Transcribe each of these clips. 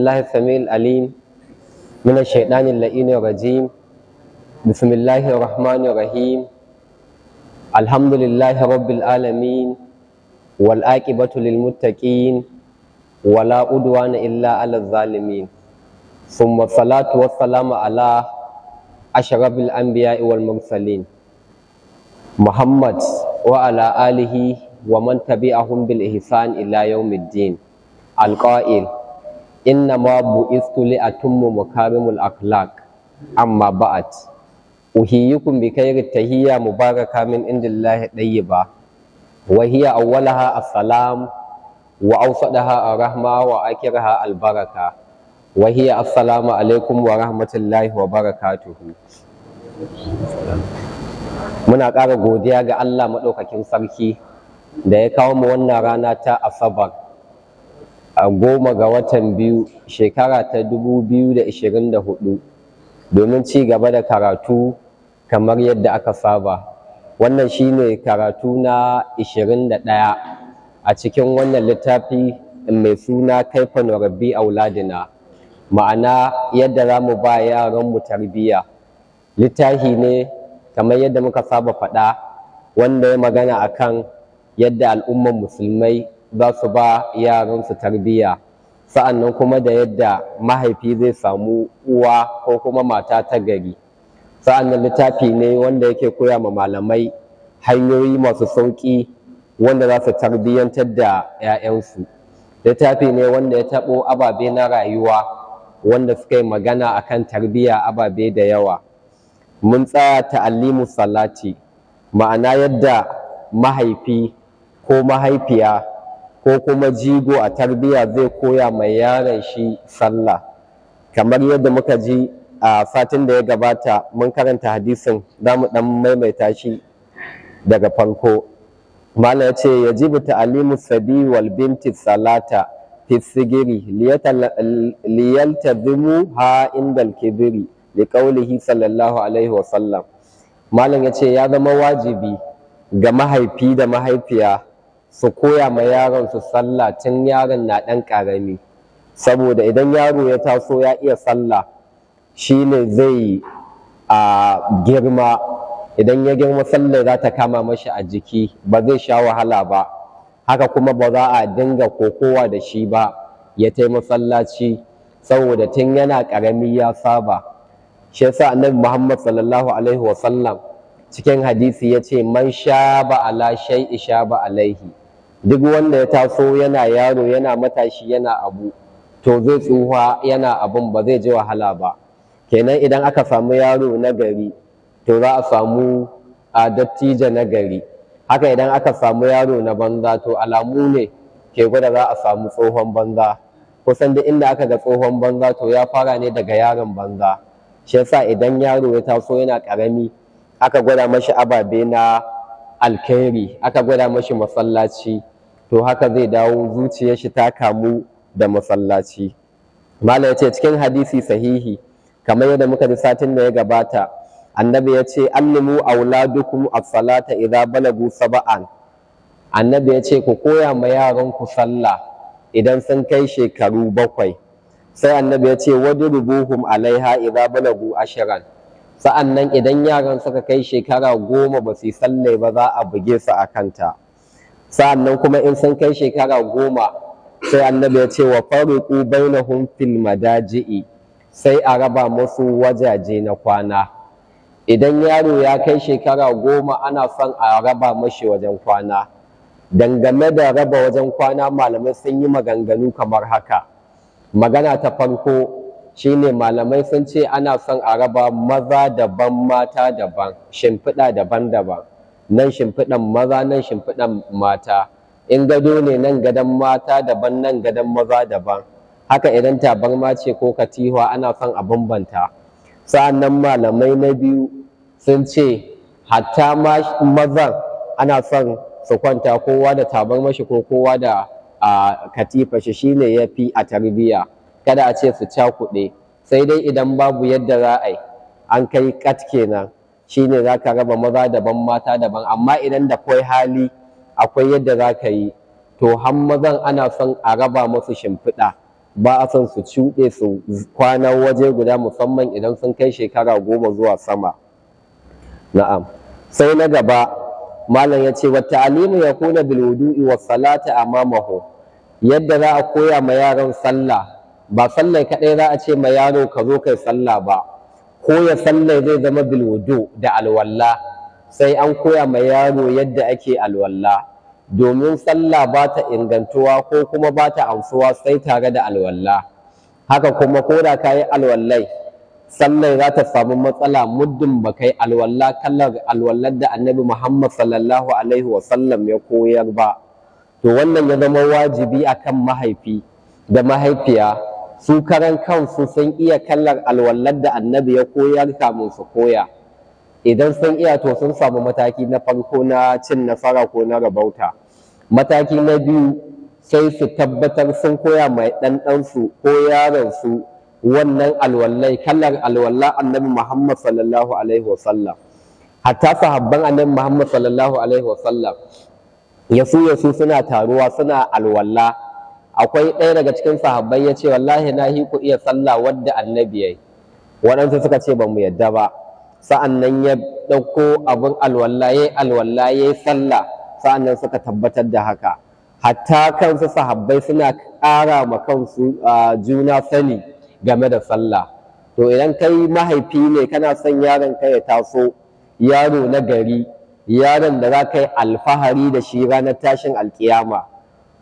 الله السميع العليم من الشيطان اللئيم الرجيم بسم الله الرحمن الرحيم الحمد لله رب العالمين والآكبة للمتقين ولا عدوان إلا على الظالمين ثم الصلاة والسلام على أشرف الأنبياء والمرسلين محمد وعلى آله ومن تبعهم بالإحسان إلى يوم الدين القائل inna ma bu'istu li atummu makarimul akhlaq amma ba'at uhiyukum bi khairit tahiyya mubaraka min indillahi dayyiba wa hiya awwalaha assalam wa awsadaha arrahma wa akhiraha albaraka wa hiya assalamu alaikum wa rahmatullahi wa barakatuhu muna ƙara godiya ga Allah maɗaukakin sarki da ya kawo mu wannan rana ta asabar a goma ga watan biyu shekara ta 2024 domin ci gaba da karatu kamar yadda aka saba wannan shine karatu na 21 a cikin wannan littafi mai suna kaifan rabbi auladina ma'ana yadda za mu ba mu tarbiyya littafi ne kamar yadda muka saba faɗa wanda ya magana akan yadda al'umman musulmai za su ba yaransu tarbiyya sa'annan kuma da yadda mahaifi zai samu uwa ko kuma mata ta gari sa'annan littafi ne wanda yake koya ma malamai hanyoyi masu sauƙi wanda za su tarbiyyantar da 'ya'yansu littafi ne wanda ya taɓo ababe na rayuwa wanda suka yi magana a kan tarbiyya ababe da yawa mun tsaya ta'allimu salati ma'ana yadda mahaifi ko mahaifiya ko kuma jigo a tarbiyya zai koya mai yaron shi sallah kamar yadda muka ji a satin da ya gabata mun karanta hadisin za mu dan maimaita shi daga farko malam ya ce ya ta ta'alimu sabi wal binti salata fi sigiri zimu ha indal kibiri liqaulihi sallallahu alaihi wa sallam malam ya ce ya zama wajibi ga mahaifi da mahaifiya su koya ma yaron su sallah tun yaron na ɗan ƙarami saboda idan yaro ya taso ya iya sallah shi ne zai a girma idan ya girma sallar za ta kama mashi a jiki ba zai sha wahala ba haka kuma ba za a dinga kokowa da shi ba ya tai masallaci saboda tun yana ƙarami ya saba shi yasa annabi Muhammad sallallahu alaihi Wasallam, cikin hadisi ya ce man sha ba ala shay'i sha ba alaihi duk wanda ya taso yana yaro yana matashi yana abu to zai tsuha yana abun ba zai ji wahala ba kenan idan aka samu yaro na gari to za a samu a dattijo na gari haka idan aka samu yaro na banza to alamu ne ke gwada za a samu tsohon banza kusan duk inda aka ga tsohon banza to ya fara ne daga yaron banza shi yasa idan yaro ya taso yana karami aka gwada mashi ababe na alkhairi aka gwada mashi masallaci to haka zai dawo zuciyar shi ta kamu da masallaci mala ya ce cikin hadisi sahihi kamar yadda muka ji satin da ya gabata annabi ya ce allimu auladukum as-salata idza balagu saba'an annabi ya ce ku koya ma ku sallah idan sun kai shekaru bakwai sai annabi ya ce wadrubuhum alaiha idza balagu ashiran sa'annan idan yaran suka kai shekara goma ba su yi sallai ba za a buge su a kanta sa'annan kuma in sun kai shekara goma sai annabi ya ce wa faruku bainahum fil madaji'i sai a raba musu wajaje na kwana idan yaro ya kai shekara goma ana son a raba mashi wajen kwana dangane da raba wajen kwana malamai sun yi maganganu kamar haka magana ta farko shine malamai sun ce ana son a raba maza daban mata daban shimfiɗa daban-daban nan shimfiɗan maza nan shimfiɗan mata in gado ne nan gadon mata daban nan gadon maza daban haka idan ma ce ko katifa, ana son a bambanta sa'annan malamai na biyu sun ce hatta mazan ana son su kwanta kowa da tabarma shi ko kowa da katifa shi shine ya fi a tarbiyya kada a ce su cakuɗe sai dai idan babu yadda za a yi an kai kat kenan Shi ne za ka raba maza daban mata daban amma idan da kawai hali akwai yadda za ka yi to har mazan ana son a raba masu shimfiɗa ba a son su cuɗe su kwana waje guda musamman idan sun kai shekara goma zuwa sama na'am sai na gaba malam ya ce wa ta'alimu ya kuna bil wudu'i was salati amamahu yadda za a koya ma yaran sallah ba sallah kaɗai za a ce ma yaro ka zo kai sallah ba ko ya sallar zai zama bilwudu da alwalla sai an koya ma yaro yadda ake alwalla domin sallah ba ta ingantuwa ko kuma ba ta amsuwa sai tare da alwalla haka kuma ko da ka yi alwallai sallar za ta samu matsala muddin ba kai alwalla kallar alwallar da annabi muhammad sallallahu alaihi wasallam ya koyar ba to wannan ya zama wajibi akan mahaifi da mahaifiya su karan kansu sun iya kallar alwallar da annabi ya koyar kamun su koya idan sun iya to sun samu mataki na farko na cin nasara ko na rabauta mataki na biyu sai su tabbatar sun koya mai ɗanɗansu ko yaransu wannan alwallai kallar alwalla annabi muhammad sallallahu alaihi wasallam hatta sahabban annabi muhammad sallallahu alaihi wasallam yasu yasu suna taruwa suna alwalla akwai ɗaya daga cikin sahabbai ya ce wallahi na ku iya sallah wadda annabi ya yi waɗansu suka ce ba mu yadda ba sa'an nan ya ɗauko abin alwallaye alwallaye sallah sa'an nan suka tabbatar da haka hatta kansu sahabbai suna ƙara ma kansu juna sani game da sallah to idan kai mahaifi ne kana son yaron ka ya taso yaro na gari yaron da za ka yi alfahari da shi ranar tashin alkiyama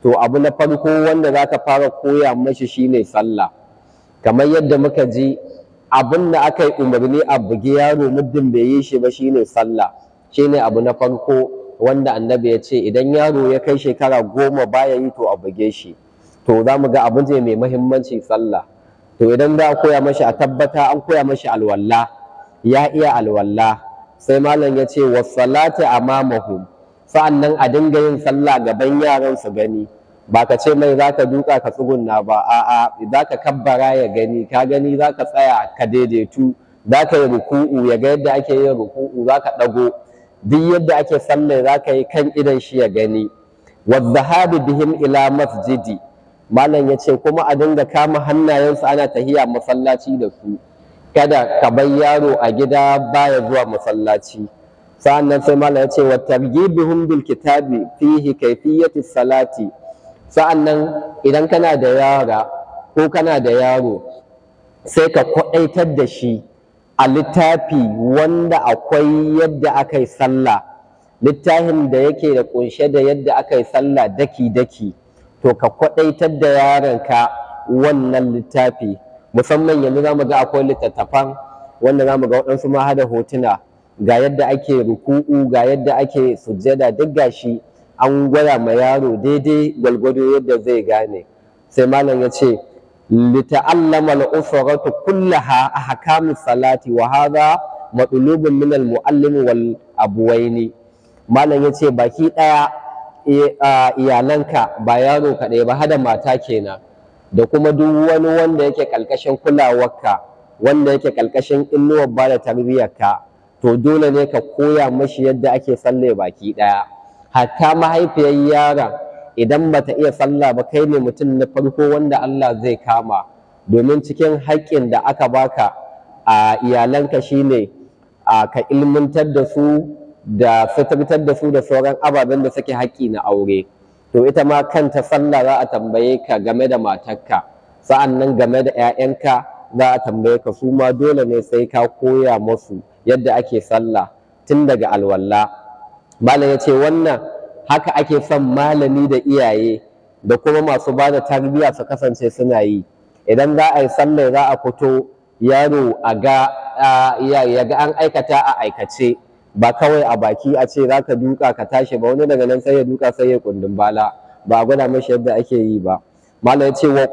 to abu na farko wanda za ka fara koya mashi shine sallah kamar yadda muka ji abin da aka yi umarni a bugi yaro muddin bai yi shi ba shine sallah shine abu na farko wanda annabi ya ce idan yaro ya kai shekara goma baya yi to a buge shi to za mu ga abin mai mahimmanci sallah to idan za a koya mashi a tabbata an koya mashi alwalla ya iya alwalla sai malam ya ce wasalati amamahum sa'an a dinga yin sallah gaban yaran su gani ba ka ce mai za ka duka ka tsugunna ba a'a za ka kabbara ya gani ka gani za ka tsaya ka daidaitu za ka yi ruku'u ya ga yadda ake yin ruku'u za ka ɗago duk yadda ake sallar za ka yi kan idan shi ya gani wadzahabi bihim ila masjidi malam ya ce kuma a dinga kama hannayensu ana tahiya masallaci da su kada ka bar yaro a gida baya zuwa masallaci sa'annan sai Malam ya ce wa bihun bil kitabi fihi kayfiyati salati sa'annan idan kana da yara ko kana da yaro sai ka kwaɗaitar da shi a littafi wanda akwai yadda aka yi sallah littafin da yake da kunshe da yadda aka yi sallah daki-daki to ka kwaɗaitar da ka wannan littafi musamman yanzu za mu ga akwai littattafan wanda za mu ga waɗansu ma hada hotuna ga yadda ake ruku'u ga yadda ake sujjada duk gashi an gwada ma yaro daidai gwalgwado yadda zai gane sai malam ya ce lita'allama al-usratu kullaha ahkamu salati wa hadha matlubun min al-muallim wal abuwaini malam ya ce baki daya iyalanka ba yaro kaɗai ba hada mata kenan da kuma duk wani wanda yake kalkashin kulawarka wanda yake kalkashin inuwar ba da tarbiyyarka to dole ne ka koya mashi yadda ake tsalle baki ɗaya hatta mahaifiyar yaron idan ba ta iya sallah ba kai ne mutum na farko wanda Allah zai kama domin cikin haƙƙin da aka baka a iyalanka shine a ka ilmantar da su da fitar da su da sauran ababen da suke haƙƙi na aure to ita ma kanta sallah za a tambaye ka game da matarka sa'an nan game da 'ya'yanka za a tambaye ka su ma dole ne sai ka koya masu yadda ake sallah tun daga alwalla malam ya ce wannan haka ake son malami da iyaye da kuma masu ba da tarbiyya su kasance suna yi idan za a yi sallah za a fito yaro a ga ya ga an aikata a aikace ba kawai a baki a ce za ka duka ka tashi ba wani daga nan sai ya duka sai ya kundin bala ba a gwada mashi yadda ake yi ba malam ya ce wa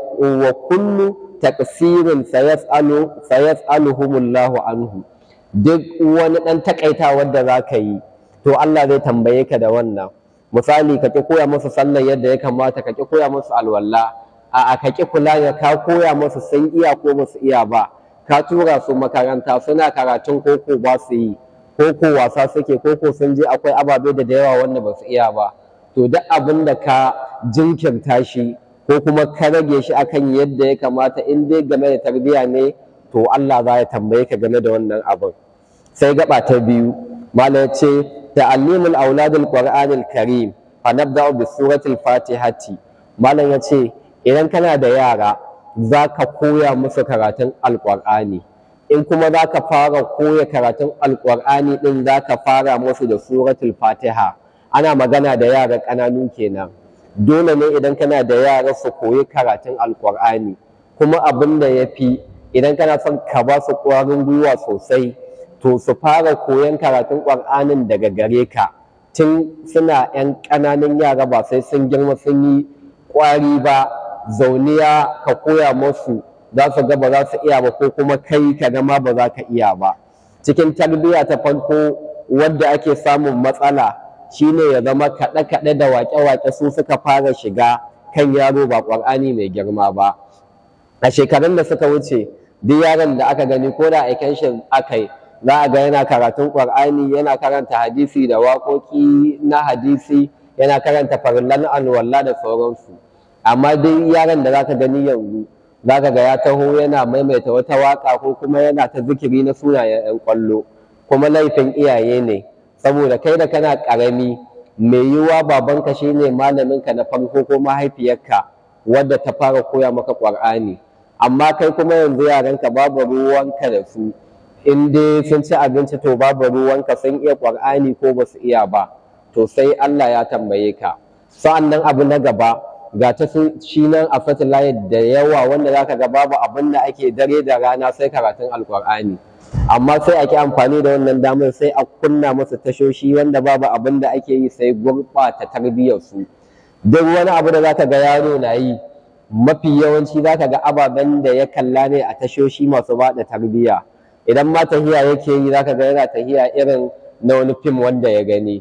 kullu taqsirin sayas'aluhumullahu anhu duk wani ɗan takaita wanda za ka yi to Allah zai tambaye ka da wannan misali ka ƙi koya musu sallar yadda ya kamata ka ƙi koya musu alwala a ka ƙi kula da ka koya musu san iya ko ba su iya ba ka tura su makaranta suna karatun koko ba su yi koko wasa suke koko sun je akwai ababe da da yawa wanda ba su iya ba to duk abin da ka jinkirta shi ko kuma ka rage shi akan yadda ya kamata in dai game da tarbiyya ne to Allah za ya tambaye ka game da wannan abin sai gaba ta biyu Malam ya ce ta'allimul auladul qur'anil karim fa nabda'u bi suratil fatihati malam ya ce idan kana da yara za ka koya musu karatun alƙur'ani in kuma za ka fara koya karatun alƙur'ani ɗin za ka fara musu da suratul fatiha ana magana da yara ƙananu kenan dole ne idan kana da yara su koyi karatun alƙur'ani kuma abin da ya fi idan kana son ka ba su ƙwarin gwiwa sosai to su fara koyon karatun ƙwar'anin daga gare ka tun suna 'yan ƙananan yara ba sai sun girma sun yi ƙwari ba zauniya ka koya musu za su ga ba za su iya ba ko kuma kai ka gama ba za ka iya ba cikin tarbiyya ta farko wadda ake samun matsala shine ya zama kaɗe-kaɗe da waƙe-waƙe su suka fara shiga kan yaro ba ƙwar'ani mai girma ba a shekarun da suka wuce duk yaron da aka gani ko da aikenshin shi aka yi za a ga yana karatun ƙur'ani yana karanta hadisi da waƙoƙi na hadisi yana karanta farillan alwala da sauransu amma dai yaran da zaka gani yanzu zaka ga ya taho yana maimaita wata waƙa ko kuma yana ta zikiri na sunayen 'yan ƙwallo kuma laifin iyaye ne saboda kai da kana ƙarami mai yiwuwa babanka shi ne malaminka na farko ko mahaifiyarka wadda ta fara koya maka ƙwarani, amma kai kuma yanzu yaranka babu ruwanka da su in dai sun ci abinci to babu ruwanka sun iya ƙwar'ani ko ba su iya ba to sai Allah ya tambaye ka sa'annan abu na gaba ga ta shi nan a layi da yawa wanda za ka ga babu abin da ake dare da rana sai karatun Alƙwar'ani, amma sai ake amfani da wannan damar sai a kunna musu tashoshi wanda babu abin da ake yi sai gurɓata tarbiyyarsu duk wani abu da za zaka ga yaro na yi mafi yawanci za ka ga ababen da ya kalla ne a tashoshi masu bada tarbiyya idan ma tahiya yake yi zaka ga yana tahiya irin na wani fim wanda ya gani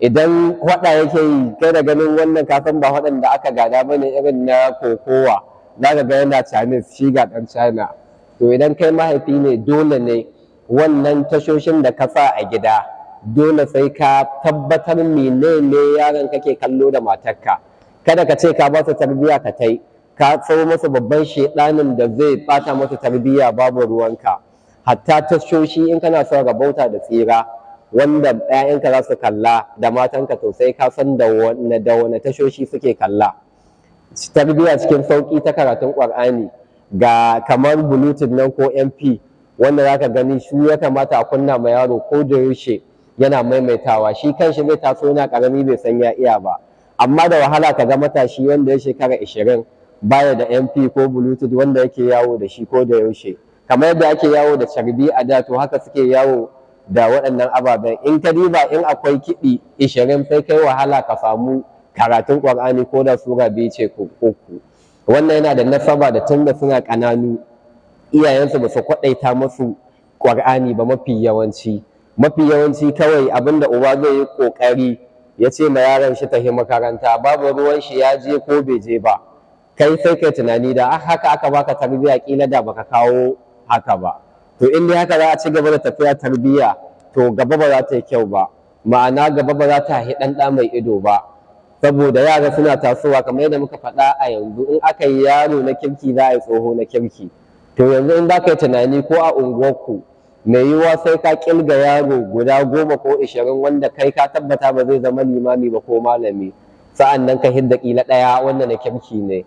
idan hwada yake yi kai da ganin wannan kafin ba hwadan da aka gada bane irin na kokowa zaka ga yana chinese shi ga dan china to idan kai mahaifi ne dole ne wannan tashoshin da ka sa a gida dole sai ka tabbatar menene yaron kake kallo da matarka kada ka ce ka ba su tarbiya ka tai ka tsawo masa babban shedanin da zai bata masa tarbiya babu ruwanka hatta tashoshi in kana son bauta da tsira wanda ɗayanka za su kalla da matanka to sai ka san da wani da wane tashoshi suke kalla tarbiyya cikin sauki ta karatun ƙur'ani ga kamar bluetooth nan ko mp wanda zaka gani shi ya kamata a kunna ma yaro ko da yaushe yana maimaitawa shi kanshi zai taso yana karami bai san ya iya ba amma da wahala ka ga matashi wanda ya shekara 20 baya da mp ko bluetooth wanda yake yawo da shi ko da yaushe kamar yadda ake yawo da sharbi a da to haka suke yawo da waɗannan ababen in ka diba in akwai kiɗi ishirin sai kai wahala ka samu karatun ƙwar'ani ko da sura biyu ce ko uku wannan yana da nasaba da tun da suna ƙananu iyayensu ba su kwaɗaita musu ƙwar'ani ba mafi yawanci mafi yawanci kawai abinda uba zai yi ƙoƙari ya ce ma yaron shi tafi makaranta babu ruwan shi ya je ko bai je ba kai sai kai tunani da ah, haka aka baka tarbiyya kila da baka kawo haka ba to in dai haka za a ci gaba da tafiya tarbiyya to gaba ba za ta yi kyau ba ma'ana gaba ba za ta yi ɗan ɗa mai ido ba saboda yara suna tasowa kamar yadda muka faɗa a yanzu in aka yi yaro na kirki za a yi tsoho na kirki to yanzu in za ka yi tunani ko a unguwarku mai yiwuwa sai ka kilga yaro guda goma ko ishirin wanda kai ka tabbata ba zai zama limami ba ko malami sa'an nan ka hidda ƙila ɗaya wanda na kirki ne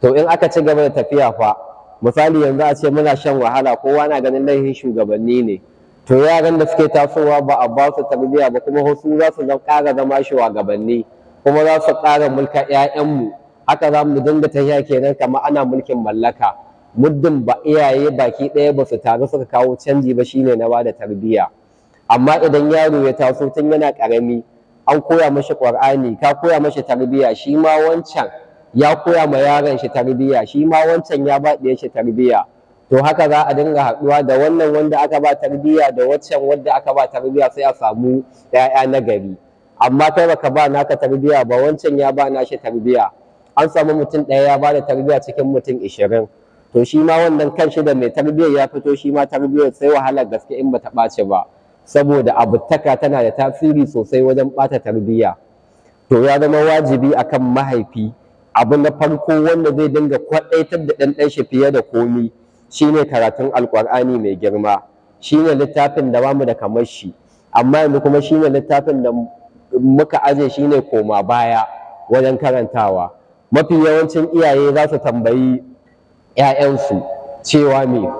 to in aka ci gaba da tafiya fa misali yanzu a ce muna shan wahala kowa na ganin laifin shugabanni ne to yaran da suke tasowa ba a ba su tarbiyya ba kuma wasu za su ƙara zama shugabanni kuma za su ƙara mulka 'ya'yanmu haka za mu dinga tafiya kenan kamar ana mulkin mallaka muddin ba iyaye baki ɗaya ba su taru suka kawo canji ba shine na ba da tarbiyya amma idan yaro ya taso tun yana ƙarami an koya mashi ƙwarani, ka koya mashi tarbiyya shi ma wancan ya koya ma yaron shi tarbiyya shi ma wancan ya ba shi tarbiyya to haka za a dinga haɗuwa da wannan wanda aka ba tarbiyya da wancan wanda aka ba tarbiyya sai a samu ‘ya'ya na gari amma kai baka ba naka tarbiyya ba wancan ya ba nashi tarbiyya an samu mutum ɗaya ya ba da tarbiyya cikin mutum ishirin to shi ma wannan kanshi da mai tarbiyyar ya fito shi ma tarbiyyar sai wahala gaske in bata ɓace ba saboda taka tana da tasiri sosai wajen ɓata tarbiyya to ya zama wajibi akan mahaifi abu na farko wanda zai dinga kwaɗaitar da ɗanɗan shi fiye da komi shine karatun alƙur'ani mai girma shine littafin da bamu da kamar shi amma yanzu kuma shine littafin da muka aje shine koma baya wajen karantawa mafi yawancin iyaye za su tambayi 'ya'yansu cewa me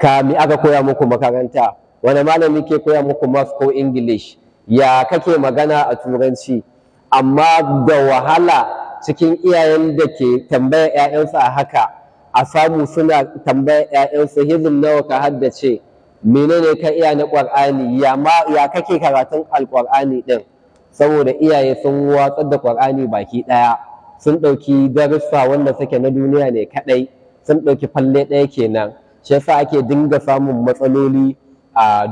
ka mi aka koya muku makaranta wani malami ke koya muku math ko english ya kake magana a turanci amma da wahala cikin iyayen da ke tambaya ‘ya'yansu a haka a samu suna tambayar ‘ya'yansu hizin nawa ka haddace menene ka iya na ƙwar'ani ya ya kake karatun alƙwar'ani ɗin saboda iyaye sun watsar da ƙwar'ani baki ɗaya sun ɗauki darussa wanda suke na duniya ne kaɗai sun ɗauki falle ɗaya kenan shi yasa ake dinga samun matsaloli a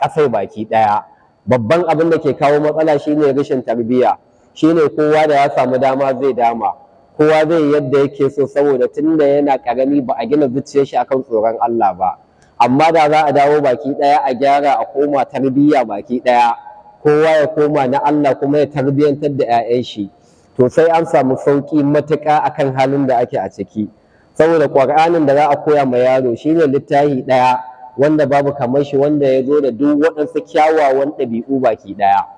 ƙasar baki ɗaya babban abin da ke kawo matsala shine rashin tarbiyya shine kowa da ya samu dama zai dama kowa zai yadda yake so saboda tunda yana karami ba a gina zuciyar shi akan tsoron Allah ba amma da za a dawo baki daya a gyara a koma tarbiyya baki daya kowa ya koma na Allah kuma ya tarbiyantar da 'ya'yan shi to sai an samu sauki matuƙa akan halin da ake a ciki saboda ƙur'anin da za a koya ma yaro shine littafi ɗaya wanda babu kamar shi wanda ya zo da duk waɗansu kyawawan ɗabi'u baki ɗaya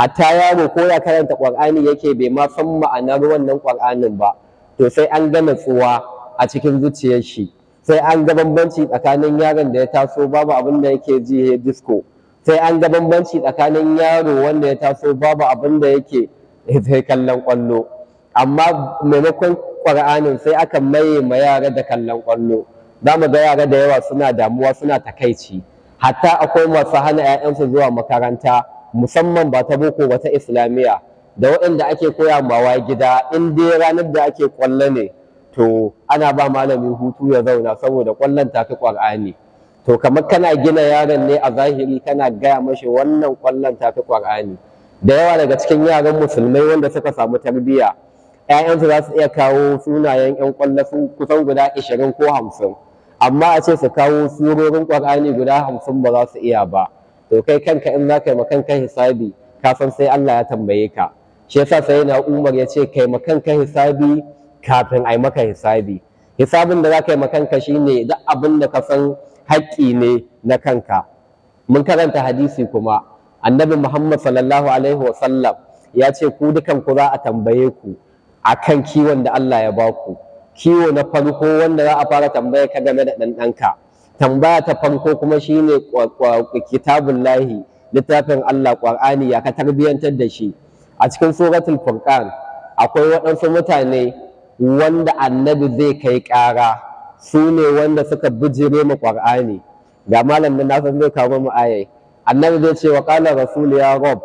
hatta yaro ko ya karanta ƙur'ani yake bai ma san ma'anar wannan ƙwaranin ba to sai an ga natsuwa a cikin zuciyar shi sai an ga bambanci tsakanin yaron da ya taso babu abin da yake ji disco sai an ga bambanci tsakanin yaro wanda ya taso babu abin da yake sai kallon kwallo amma maimakon ƙur'anin sai aka maye ma yara da kallon kwallo za mu ga yara da yawa suna damuwa suna takaici hatta akwai masu hana 'ya'yansu zuwa makaranta musamman ba ta boko ba ta islamiyya da waɗanda ake koya mawa gida in dai ranar da ake ƙwallo ne to ana ba malami hutu ya zauna saboda ƙwallon ta fi ƙwar'ani to kamar kana gina yaron ne a zahiri kana gaya mashi wannan kwallon ta fi ƙwar'ani da yawa daga cikin yaran musulmai wanda suka samu tarbiyya ‘ya'yansu za su iya kawo sunayen ‘yan kwallo sun kusan guda ashirin ko hamsin amma a ce su kawo surorin ƙwar'ani guda hamsin ba za su iya ba to kai kanka in za ka yi hisabi ka sai Allah ya tambaye ka shi yasa sai na Umar ya ce kai makanka hisabi kafin ai maka hisabi hisabin da za ka yi ma shine duk abin da ka san haƙƙi ne na kanka mun karanta hadisi kuma annabi Muhammad sallallahu alaihi wa sallam ya ce ku dukan ku za a tambaye ku akan kiwon da Allah ya ba ku. kiwo na farko wanda za a fara tambaya ka game da ɗanɗanka tambaya ta farko kuma shine kitabun lahi littafin Allah ƙwar'ani ya ka tarbiyantar da shi a cikin suratul furqan akwai waɗansu mutane wanda annabi zai kai ƙara su ne wanda suka bijire mu ƙwar'ani ga malam na san zai kawo mu annabi zai ce wa qala rasul ya rob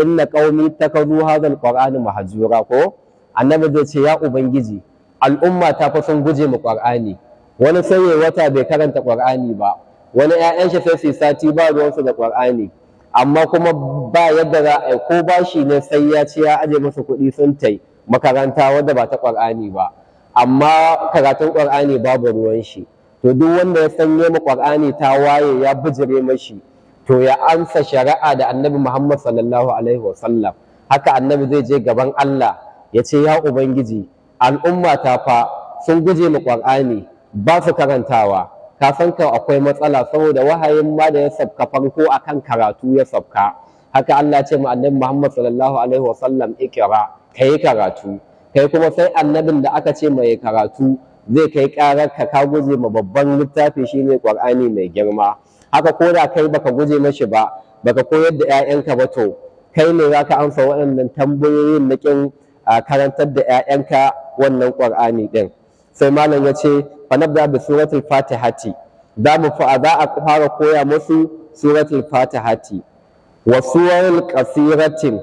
inna qaumi takazu hadha alqur'ana mahjura ko annabi zai ce ya ubangiji al'umma ta fa sun guje mu ƙwar'ani wani sanya wata bai karanta ƙwarani ba wani 'ya'yan shi sai su sati ba ruwansu da ƙwarani. amma kuma ba yadda za a ko shi ne sai ya ce ya aje masa kuɗi sun tai makaranta wadda ba ta ƙwarani ba amma karatun ba babu ruwan shi to duk wanda ya sanye mu ƙwar'ani ta waye ya bijire mashi to ya ansa shari'a da annabi Muhammad sallallahu alaihi wasallam haka annabi zai je gaban Allah ya ce ya ubangiji al'umma ta fa sun guje ma ƙwarani. ba su karantawa ka san kan akwai matsala saboda wahayin ma da ya sabka farko a kan karatu ya sabka haka Allah ce mu annabi Muhammad sallallahu alaihi wasallam ikra kai karatu kai kuma sai annabin da aka ce mai karatu zai kai karar ka ka guje ma babban littafi shine Qur'ani mai girma haka ko da kai baka guje mashi ba baka koyar da 'ya'yanka ba to kai ne za ka amsa waɗannan tambayoyin na kin karantar da 'ya'yanka wannan Qur'ani din sai malam ya ce fa nabda bi suratul fatihati za mu fa za a fara koya musu suratul fatihati wa suwarul qasiratin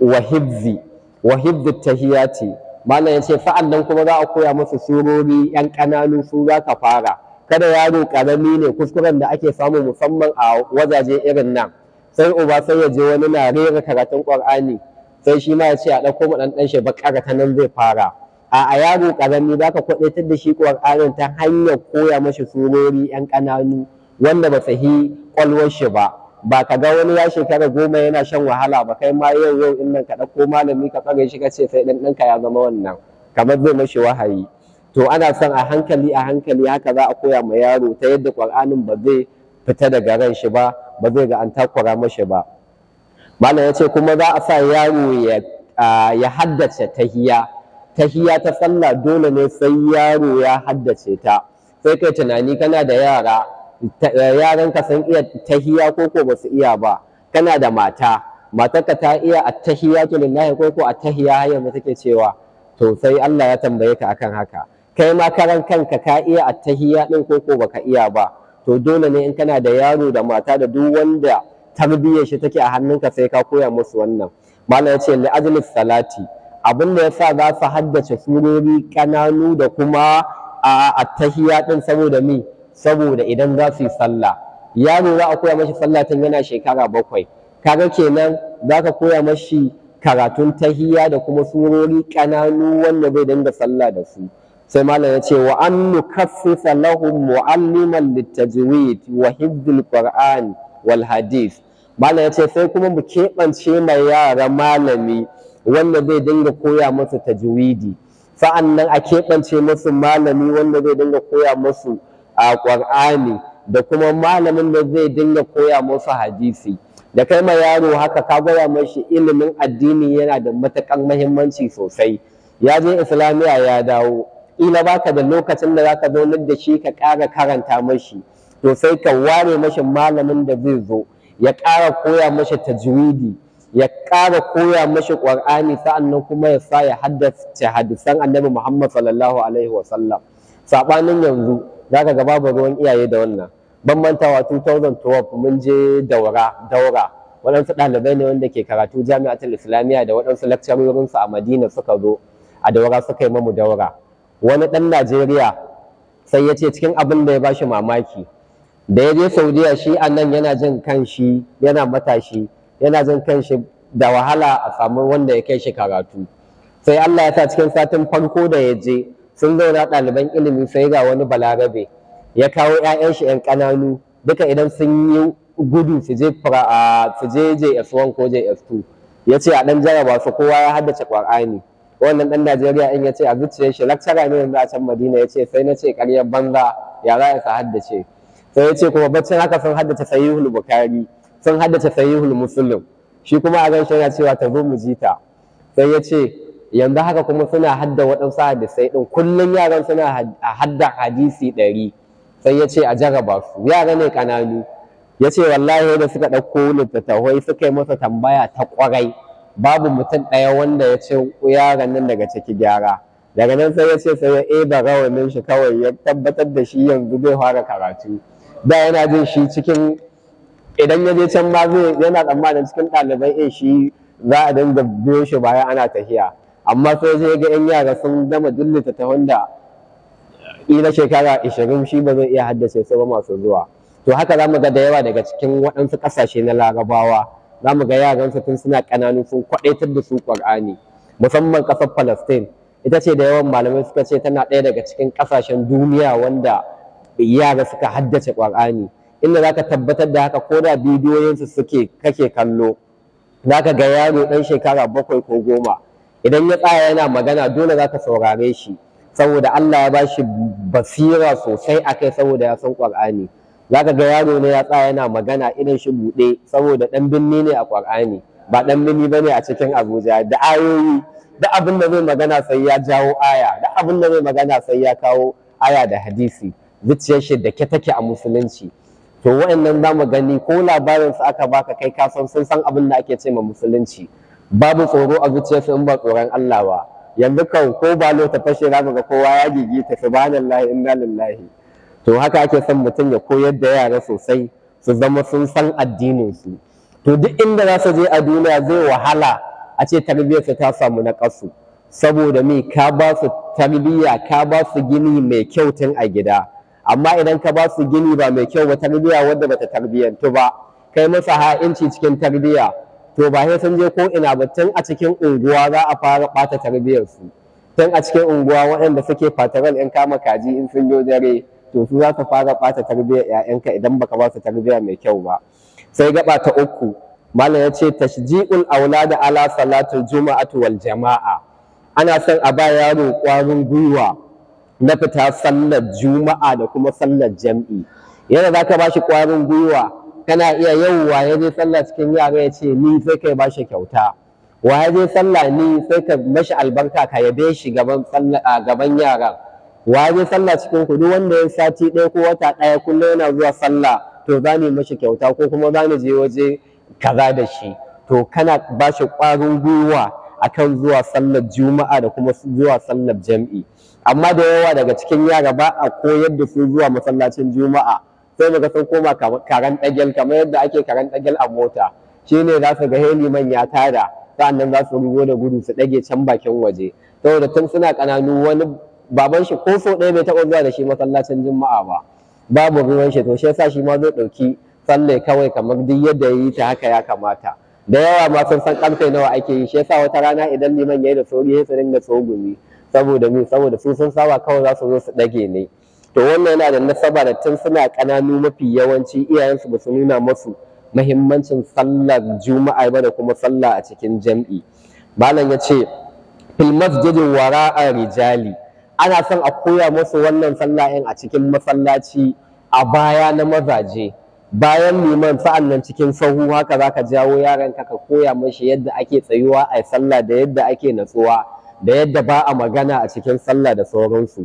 wa hibzi wa hibzi tahiyati malam ya ce fa'an don kuma za a koya musu surori yan ƙananu su za ka fara kada yaro ƙarami ne kuskuren da ake samu musamman a wajaje irin nan sai uba sai ya je wani na rera karatun ƙur'ani sai shi ma ya ce a ɗauko mu ɗan ɗan shi bakara ta nan zai fara a yaro karami zaka kwadaitar da shi karin ta hanyar koya mashi surori yan kananu wanda ba sahi kwalwar shi ba ba ka ga wani ya shekara goma yana shan wahala ba kai ma yau yau in nan ka ko malami ka tsare shi ka ce sai dan ɗanka ya zama wannan kamar zai mashi wahayi to ana son a hankali a hankali haka za a koya ma yaro ta yadda qur'anin ba zai fita daga ran shi ba ba zai ga an takura mashi ba malam ya ce kuma za a sa yaro ya haddace tahiya tahiya ta sallah dole ne sai yaro ya haddace ta sai kai tunani kana da yara eh, yaran ka san iya tahiya ko ko basu iya ba kana da mata matarka ta iya attahiyatu lillahi ko ko attahiya har yanzu take cewa to sai Allah ya tambaye ka akan haka kai ma karan kanka ka iya attahiya din ko ko baka iya ba to dole ne in kana da yaro da mata da duk wanda tarbiyyar shi take a hannunka sai ka koya musu wannan malam ya ce li ajlis salati abin da ya sa za su haddace surori kananu da kuma a tahiya ɗin saboda mi saboda idan za su yi sallah yaro za a koya mashi sallah tun yana shekara bakwai kaga kenan za ka koya mashi karatun tahiya da kuma surori kananu wanda bai dinga sallah da su sai malam ya ce wa an nukaffifa lahum mu'alliman litajwid wa hibdul qur'an wal hadith malam ya ce sai kuma mu keɓance mai yara malami wanda zai dinga koya musu tajwidi sa'an nan a keɓance musu malami wanda zai dinga koya musu a ƙwar'ani da kuma malamin da zai dinga koya musu hadisi da kai ma yaro haka ka gwada mashi ilimin addini yana da matakan mahimmanci sosai ya je islamiyya ya dawo ila baka da lokacin da zaka nan da shi ka ƙara karanta mashi to sai ka ware mashi malamin da zai zo ya ƙara koya mashi tajwidi ya ƙara koya mashi ƙwar'ani sa'annan kuma ya sa ya haddace hadisan annabi Muhammad sallallahu alaihi wasallam saɓanin yanzu za ka gaba ruwan iyaye da wannan ban mantawa 2012 mun je daura daura waɗansu ɗalibai ne wanda ke karatu jami'atul islamiyya da waɗansu lakcarorinsu a madina suka zo a daura suka yi mamu daura wani ɗan najeriya sai ya ce cikin abin da ya ba shi mamaki da ya je saudiya shi a nan yana jin kan shi yana matashi yana jin kanshi da wahala a samu wanda ya kai shi karatu sai Allah ya sa cikin satin farko da ya je sun zauna ɗaliban ilimi sai ga wani balarabe ya kawo 'ya'yan shi 'yan ƙananu duka idan sun yi gudu su je su je JS1 ko JS2 ya ce a ɗan jaraba su kowa ya haddace ƙwar'ani wannan ɗan Najeriya in ya ce a zuciyar shi lakcara ne yanzu a can Madina ya ce sai na ce ƙaryar banza ya za a haddace sai ya ce kuma baccin haka sun haddace sahihul bukari sun haddace sahihul muslim shi kuma a gan yana cewa ta zo mu ji ta sai ya ce yanzu haka kuma suna hadda waɗansu hadisai ɗin kullum yaran suna hadda hadisi ɗari sai ya ce a jarraba su yara ne ƙananu ya ce wallahi da suka ɗauko littattafai suka yi masa tambaya ta ƙwarai babu mutum ɗaya wanda ya ce yaran nan daga ciki gyara daga nan sai ya ce sai ya eba rawanin shi kawai ya tabbatar da shi yanzu zai fara karatu da yana jin shi cikin idan ya je can ma zai yana tsammanin cikin ɗalibai in shi za a dinga biyo shi bayan ana tafiya amma sai zai ga yan yara sun gama dillita ta wanda Ina shekara ishirin shi ba zai iya haddace su ba masu zuwa to haka za mu ga da yawa daga cikin waɗansu ƙasashe na larabawa za mu ga yaransu tun suna ƙananu sun kwaɗaitar da su ƙwar'ani musamman ƙasar palestine ita ce da yawan malamai suka ce tana ɗaya daga cikin ƙasashen duniya wanda yara suka haddace ƙwar'ani inda za ka tabbatar da haka ko da bidiyoyinsu suke kake kallo za ka ga yaro ɗan shekara bakwai ko goma idan ya tsaya yana magana dole za ka saurare shi saboda Allah ya bashi basira sosai a kai saboda ya san ƙwar'ani za ka ga yaro ne ya tsaya yana magana idan shi buɗe saboda ɗan birni ne a ƙwar'ani ba ɗan binni ba ne a cikin Abuja da ayoyi da abin da zai magana sai ya jawo aya da abin da zai magana sai ya kawo aya da hadisi zuciyar shi da ke take a musulunci to wa'annan za mu gani ko labarin su aka baka kai ka san sun san abin da ake ce ma musulunci babu tsoro a zuciyarsu in ba tsoron Allah ba yanzu kan ko ba lo ta fashe za ga kowa ya ta subhanallahi inna lillahi to haka ake son mutum ya koyar da yara sosai su zama sun san addinin su to duk inda za su je a duniya zai wahala a ce tarbiyyarsu ta samu na ƙasu saboda me ka ba su tarbiyya ka ba su gini mai kyau tun a gida amma idan ka ba su gini ba mai kyau ba tarbiyya wadda bata tarbiyantu ba kai masa ha'inci cikin tarbiyya. to ba sai sun je ko ina ba tun a cikin unguwa za a fara bata tarbiyyar su tun a cikin unguwa waɗanda suke fataral in kama kaji in sun yo dare to su za ka fara bata tarbiyyar 'ya'yanka idan baka ba su tarbiyya mai kyau ba sai gaba ta uku malam ya ce tashji'ul aulada ala salatul juma'atu wal jama'a ana son a ba yaro kwarin gwiwa na fita sallar juma'a da kuma sallar jam'i yadda za ka ba shi ƙwarin gwiwa kana iya wa ya je sallah cikin yara ya ce ni sai kai ba shi kyauta wa ya je sallah ni sai ka mashi albarka ka yabe shi gaban gaban yara. wa ya je sallah cikin ku wanda ya sati ɗaya ko wata ɗaya kullum yana zuwa sallah to za ni mashi kyauta ko kuma za ni je waje kaza da shi to kana ba shi ƙwarin gwiwa akan zuwa sallar juma'a da kuma zuwa sallar jam'i amma da yawa daga cikin yara ba a koyar da su zuwa masallacin juma'a sai muga sun koma karan ɗagel kamar yadda ake karan ɗagel a mota shine za su ga heli manya tada sa'annan za su rugo da gudu su ɗage can bakin waje saboda tun suna kananu, wani baban shi ko sau ɗaya bai taɓa zuwa da shi masallacin juma'a ba babu ruwan shi to shi yasa shi ma zai ɗauki sallai kawai kamar duk yadda ya yi ta haka ya kamata da yawa ma sun san karfe nawa ake yi shi yasa wata rana idan liman ya yi da sauri sai su dinga tsogumi saboda me saboda su sun saba kawai za su zo su dage ne to wannan yana da nasaba da tun suna kananu mafi yawanci iyayensu ba su nuna musu mahimmancin sallar juma'a ba da kuma sallah a cikin jam'i malam ya ce Filmas fil wara a rijali ana son a koya musu wannan sallah a cikin masallaci a baya na mazaje bayan liman sa'an nan cikin sahu haka zaka jawo yaranka ka koya mashi yadda ake tsayuwa a sallah da yadda ake natsuwa da yadda ba a magana a cikin sallah da sauransu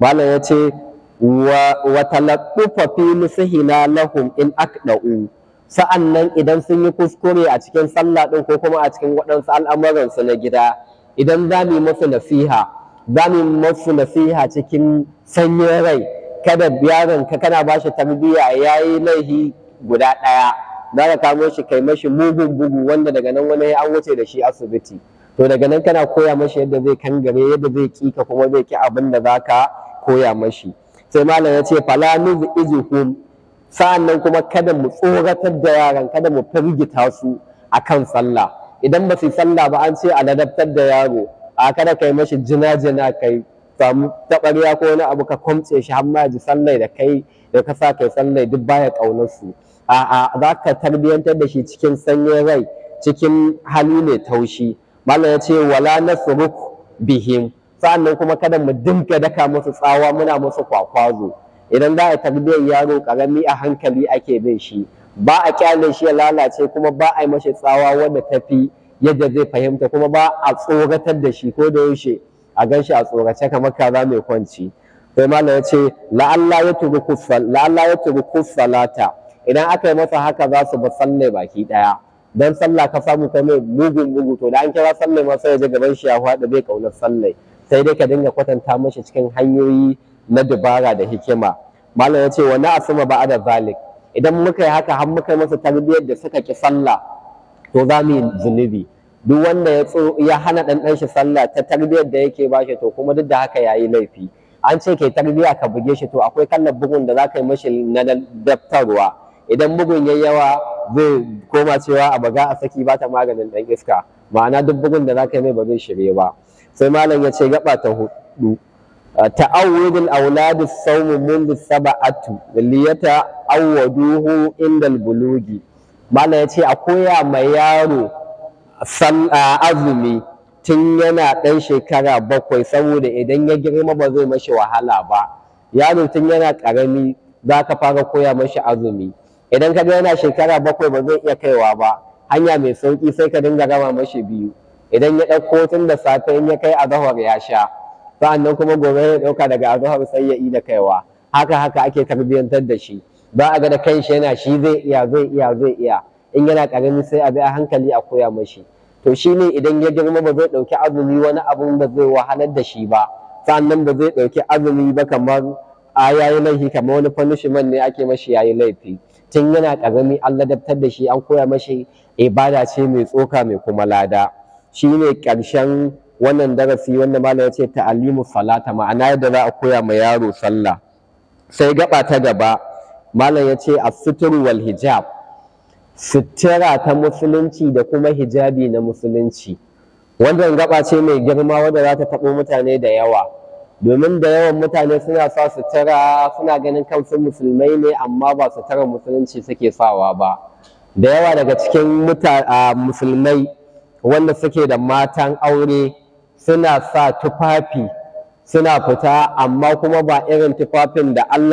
malam ya ce wa talaqqufa fi nusihina lahum in akda'u sa'an nan idan sun yi kuskure a cikin sallah ɗin ko kuma a cikin waɗansu al'amuransu na gida idan za mu yi musu nasiha za mu yi musu nasiha cikin sanyin rai kada yaron ka kana ba bashi tarbiyya yayi laihi guda ɗaya za ka kamo shi kai mashi mugun bugu wanda daga nan wani an wuce da shi asibiti to daga nan kana koya mashi yadda zai kangare yadda zai kika kuma zai ki abin da za ka koya mashi sai malam ya ce fala nuzu izuhum sa'an kuma kada mu tsoratar da yaran kada mu firgita su akan sallah idan ba su sallah ba an ce a ladabtar da yaro a kada kai mashi jina-jina kai samu taɓarya ko wani abu ka kwamce shi har ma ji sallai da kai da ka sa kai sallai duk baya ƙaunar su a'a za ka tarbiyyantar da shi cikin sanyin rai cikin hali mai taushi malam ya ce wala nasruk bihim sa'annan kuma kada mu dinga daka musu tsawa muna musu kwakwazo idan za a tarbiyar yaro karami a hankali ake bin shi ba a kyale shi ya lalace kuma ba a yi mashi tsawa wanda tafi yadda zai fahimta kuma ba a tsoratar da shi ko da yaushe a ganshi a tsorace kamar kaza mai kwanci sai malam ya ce la'alla ya tubu idan aka yi masa haka za su ba sallai baki daya Don sallah ka samu kai mai mugun mugu to da an kira sallai ma sai ya gaban shi ya faɗi bai kaunar sallai sai dai ka dinga kwatanta mashi cikin hanyoyi na dubara da hikima malam ya ce wani sama ba da zalik idan muka yi haka har muka yi masa tarbiyyar da suka ki sallah to za mu yi zunubi duk wanda ya tso ya hana ɗanɗan shi sallah ta tarbiyyar da yake ba shi to kuma duk da haka yayi laifi an ce kai tarbiyya ka buge shi to akwai kallon bugun da za ka yi mashi na daftarwa idan bugun yayi yawa zai koma cewa a baga a saki ba ta maganin ɗan iska ma'ana duk bugun da za yi mai ba zai shirye ba sai malam ya ce gaba ta hudu ta'awudul auladu sawmu mundu sab'atu liyata awwaduhu al bulugi malam ya ce a koya ma yaro azumi tun yana ɗan shekara bakwai saboda idan ya girma ba zai mashi wahala ba yaro tun yana ƙarami za ka fara koya mashi azumi idan ka ga yana shekara bakwai ba zai iya kaiwa ba hanya mai sauƙi sai ka dinga rama mashi biyu idan ya ɗauko tun da safe in ya kai azahar ya sha nan kuma gobe ya ɗauka daga azahar sai ya da kaiwa haka haka ake tarbiyyantar da shi ba a ga da kanshi yana shi zai iya zai iya zai iya in yana karami sai a bi a hankali a koya mashi to shine idan ya girma ba zai ɗauki azumi wani abun da zai wahalar da shi ba sannan ba zai ɗauki azumi ba kamar a yayi laifi kamar wani punishment ne ake mashi yayi laifi tun yana ƙarami Allah ladabtar da shi an koya mashi ibada ce mai tsoka mai kuma lada shi ne ƙarshen wannan darasi wanda malam ya ce ta'alimu salata ma'ana yadda za a koya ma yaro sallah sai gaba ta gaba malam ya ce as-sutru wal hijab sutura ta musulunci da kuma hijabi na musulunci wannan gaba ce mai girma wadda za ta taɓo mutane da yawa domin da yawan mutane suna sa sutura suna ganin kansu musulmai ne amma ba sutura musulunci suke sawa ba da yawa daga cikin musulmai wanda suke da matan aure suna sa tufafi suna fita amma kuma ba irin tufafin da Allah